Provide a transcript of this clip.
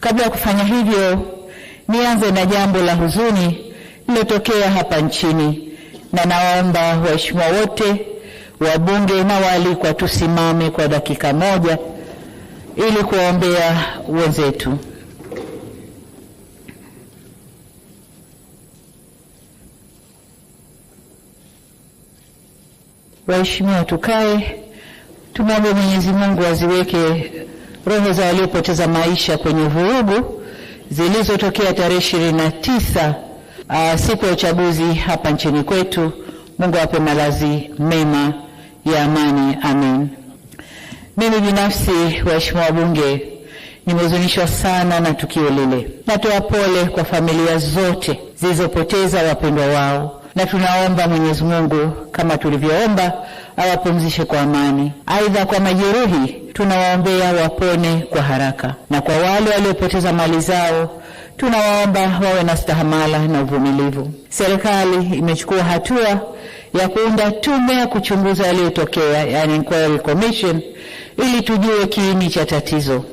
Kabla ya kufanya hivyo, nianze na jambo la huzuni lililotokea hapa nchini, na naomba waheshimiwa wote wabunge na waalikwa tusimame kwa dakika moja ili kuwaombea wenzetu. Waheshimiwa, tukae, tumwombe Mwenyezi Mungu aziweke roho za waliopoteza maisha kwenye vurugu zilizotokea tarehe ishirini na tisa ah, siku ya uchaguzi hapa nchini kwetu. Mungu awape malazi mema ya amani, amen. Mimi binafsi, waheshimiwa wabunge, nimehuzunishwa sana na tukio lile. Natoa pole kwa familia zote zilizopoteza wapendwa wao, na tunaomba Mwenyezi Mungu kama tulivyoomba awapumzishe kwa amani. Aidha, kwa majeruhi tunawaombea wapone kwa haraka, na kwa wale waliopoteza mali zao tunawaomba wawe na stahamala na uvumilivu. Serikali imechukua hatua ya kuunda tume ya kuchunguza yaliyotokea, yani inquiry commission, ili tujue kiini cha tatizo.